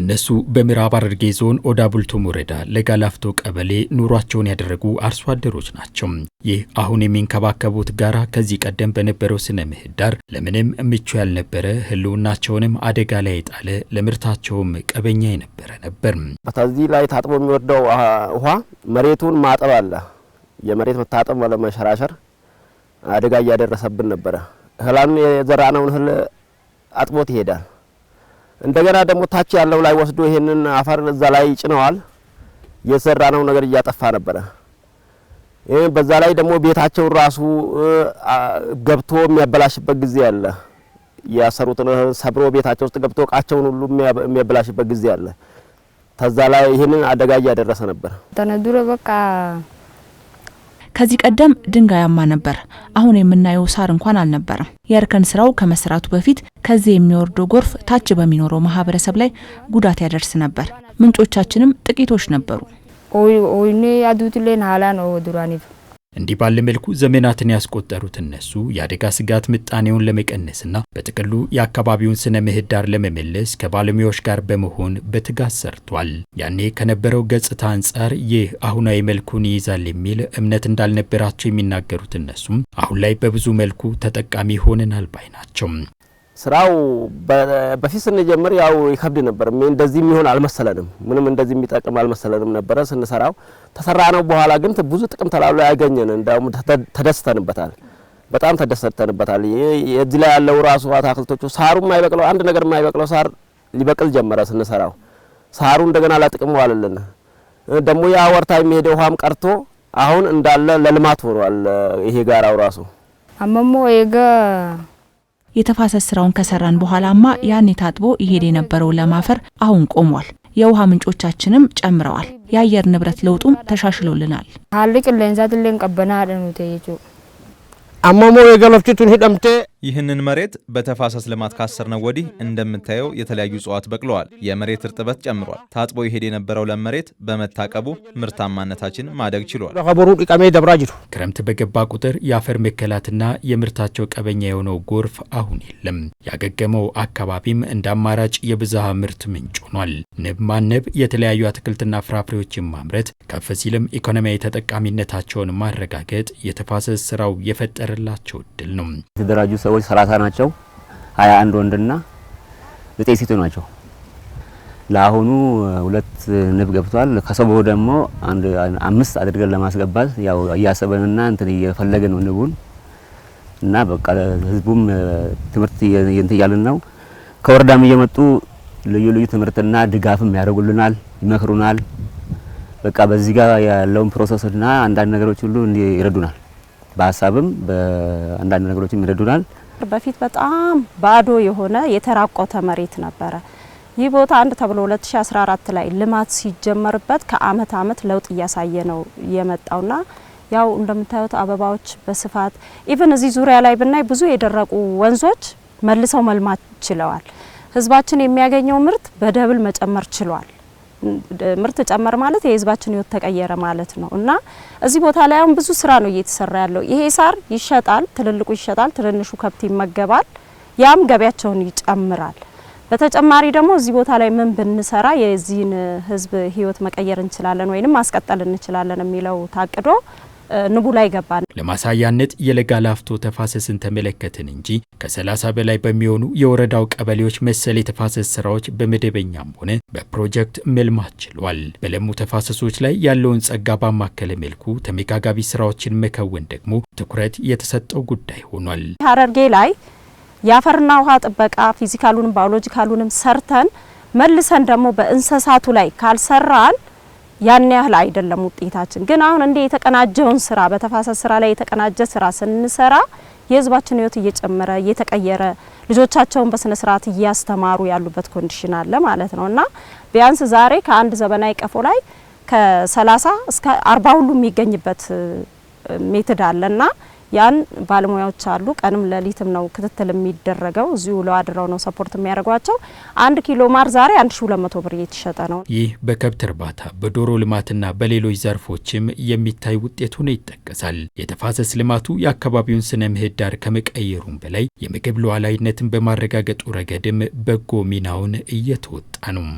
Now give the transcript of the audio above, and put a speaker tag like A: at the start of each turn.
A: እነሱ በምዕራብ ሐረርጌ ዞን ኦዳ ቡልቱም ወረዳ ለጋላፍቶ ቀበሌ ኑሯቸውን ያደረጉ አርሶ አደሮች ናቸው። ይህ አሁን የሚንከባከቡት ጋራ ከዚህ ቀደም በነበረው ስነ ምህዳር ለምንም ምቹ ያልነበረ፣ ህልውናቸውንም አደጋ ላይ የጣለ ለምርታቸውም ቀበኛ የነበረ ነበር።
B: ከዚህ ላይ ታጥቦ የሚወርደው ውሃ መሬቱን ማጠብ አለ። የመሬት መታጠብ መሸራሸር አደጋ እያደረሰብን ነበረ። እህላን የዘራነውን እህል አጥቦት ይሄዳል። እንደገና ደግሞ ታች ያለው ላይ ወስዶ ይሄንን አፈር እዛ ላይ ጭነዋል። የሰራ ነው ነገር እያጠፋ ነበረ። ይሄ በዛ ላይ ደግሞ ቤታቸውን ራሱ ገብቶ የሚያበላሽበት ጊዜ አለ። ያሰሩትን ሰብሮ ቤታቸው ውስጥ ገብቶ እቃቸውን ሁሉ የሚያበላሽበት ጊዜ አለ። ተዛ ላይ ይሄንን አደጋ እያደረሰ ነበር።
C: ተነዱረ በቃ
D: ከዚህ ቀደም ድንጋያማ ነበር። አሁን የምናየው ሳር እንኳን አልነበረም። የእርከን ስራው ከመስራቱ በፊት ከዚህ የሚወርደው ጎርፍ ታች በሚኖረው ማህበረሰብ ላይ ጉዳት ያደርስ ነበር። ምንጮቻችንም ጥቂቶች ነበሩ።
C: ኦይኔ አዱትሌን ሀላ ነው ወዱራኒፍ
A: እንዲህ ባለ መልኩ ዘመናትን ያስቆጠሩት እነሱ የአደጋ ስጋት ምጣኔውን ለመቀነስና በጥቅሉ የአካባቢውን ስነ ምህዳር ለመመለስ ከባለሙያዎች ጋር በመሆን በትጋት ሰርቷል። ያኔ ከነበረው ገጽታ አንጻር ይህ አሁናዊ መልኩን ይይዛል የሚል እምነት እንዳልነበራቸው የሚናገሩት እነሱም አሁን ላይ በብዙ መልኩ ተጠቃሚ ሆነናል ባይ ናቸው።
B: ስራው በፊት ስንጀምር ያው ይከብድ ነበር። እንደዚህ የሚሆን አልመሰለንም፣ ምንም እንደዚህ የሚጠቅም አልመሰለንም ነበረ ስንሰራው። ተሰራ ነው በኋላ ግን ብዙ ጥቅም ተላሎ ያገኘን፣ እንደውም ተደስተንበታል፣ በጣም ተደሰተንበታል። የዚህ ላይ ያለው ራሱ አታክልቶቹ ሳሩ የማይበቅለው አንድ ነገር የማይበቅለው ሳር ሊበቅል ጀመረ ስንሰራው። ሳሩ እንደገና ለጥቅም ዋለልን። ደግሞ ያ ወርታ የሚሄደ ውሃም ቀርቶ አሁን እንዳለ ለልማት ሆኗል። ይሄ ጋራው ራሱ
C: አመሞ
D: የተፋሰስ ስራውን ከሰራን በኋላማ ያኔ ታጥቦ ይሄድ የነበረው ለማፈር አሁን ቆሟል። የውሃ ምንጮቻችንም ጨምረዋል። የአየር ንብረት ለውጡም ተሻሽሎልናል።
C: ሀሉ ቀበና
B: አማሞ የገለፍችቱን ሂደምቴ
A: ይህንን መሬት በተፋሰስ ልማት ካሰርነው ወዲህ እንደምታየው የተለያዩ እጽዋት በቅለዋል። የመሬት እርጥበት ጨምሯል። ታጥቦ ይሄድ የነበረው ለም መሬት በመታቀቡ ምርታማነታችን ማደግ ችሏል። ክረምት በገባ ቁጥር የአፈር መከላትና የምርታቸው ቀበኛ የሆነው ጎርፍ አሁን የለም። ያገገመው አካባቢም እንደ አማራጭ የብዝሃ ምርት ምንጭ ሆኗል። ንብ ማነብ፣ የተለያዩ አትክልትና ፍራፍሬዎችን ማምረት፣ ከፍ ሲልም ኢኮኖሚያዊ ተጠቃሚነታቸውን ማረጋገጥ የተፋሰስ ስራው የፈጠረላቸው እድል ነው።
B: ሰዎች ሰላሳ ናቸው። 21 ወንድና ዘጠኝ ሴቶች ናቸው። ለአሁኑ ሁለት ንብ ገብቷል። ከሰቦ ደግሞ አንድ አምስት አድርገን ለማስገባት ያው እያሰበንና እንትን እየፈለገ ነው ንቡን እና በቃ ህዝቡም ትምህርት እንትን እያልን ነው። ከወረዳም እየመጡ ልዩ ልዩ ትምህርትና ድጋፍም ያደርጉልናል፣ ይመክሩናል። በቃ በዚህ ጋር ያለውን ፕሮሰስና አንዳንድ ነገሮች ሁሉ ይረዱናል። በሀሳብም በአንዳንድ ነገሮችም ይረዱናል።
C: በፊት በጣም ባዶ የሆነ የተራቆተ መሬት ነበረ። ይህ ቦታ አንድ ተብሎ 2014 ላይ ልማት ሲጀመርበት ከአመት አመት ለውጥ እያሳየ ነው የመጣውና ያው እንደምታዩት አበባዎች በስፋት ኢቨን እዚህ ዙሪያ ላይ ብናይ ብዙ የደረቁ ወንዞች መልሰው መልማት ችለዋል። ህዝባችን የሚያገኘው ምርት በደብል መጨመር ችሏል። ምርት ጨመር ማለት የህዝባችን ህይወት ተቀየረ ማለት ነው እና እዚህ ቦታ ላይ አሁን ብዙ ስራ ነው እየተሰራ ያለው። ይሄ ሳር ይሸጣል፣ ትልልቁ ይሸጣል፣ ትንንሹ ከብት ይመገባል። ያም ገበያቸውን ይጨምራል። በተጨማሪ ደግሞ እዚህ ቦታ ላይ ምን ብንሰራ የዚህን ህዝብ ህይወት መቀየር እንችላለን ወይንም ማስቀጠል እንችላለን የሚለው ታቅዶ ንቡ ላይ ገባ።
A: ለማሳያነት የለጋ ላፍቶ ተፋሰስን ተመለከትን እንጂ ከ30 በላይ በሚሆኑ የወረዳው ቀበሌዎች መሰል የተፋሰስ ስራዎች በመደበኛም ሆነ በፕሮጀክት መልማት ችሏል። በለሙ ተፋሰሶች ላይ ያለውን ጸጋ ባማከለ መልኩ ተመጋጋቢ ስራዎችን መከወን ደግሞ ትኩረት የተሰጠው ጉዳይ ሆኗል።
C: ሀረርጌ ላይ የአፈርና ውሃ ጥበቃ ፊዚካሉንም ባዮሎጂካሉንም ሰርተን መልሰን ደግሞ በእንስሳቱ ላይ ካልሰራን ያን ያህል አይደለም ውጤታችን። ግን አሁን እንዲህ የተቀናጀውን ስራ በተፋሰስ ስራ ላይ የተቀናጀ ስራ ስንሰራ የህዝባችን ህይወት እየጨመረ እየተቀየረ ልጆቻቸውን በስነ ስርዓት እያስተማሩ ያሉበት ኮንዲሽን አለ ማለት ነው እና ቢያንስ ዛሬ ከአንድ ዘመናዊ ቀፎ ላይ ከ30 እስከ 40 ሁሉ የሚገኝበት ሜትድ አለና ያን ባለሙያዎች አሉ። ቀንም ለሊትም ነው ክትትል የሚደረገው። እዚሁ ውለው አድረው ነው ሰፖርት የሚያደርጓቸው። አንድ ኪሎ ማር ዛሬ 1ሺ 1200 ብር እየተሸጠ ነው።
A: ይህ በከብት እርባታ በዶሮ ልማትና በሌሎች ዘርፎችም የሚታይ ውጤት ሆኖ ይጠቀሳል። የተፋሰስ ልማቱ የአካባቢውን ስነ ምህዳር ከመቀየሩም በላይ የምግብ ሉዓላዊነትን በማረጋገጡ ረገድም በጎ ሚናውን እየተወጣ ነው።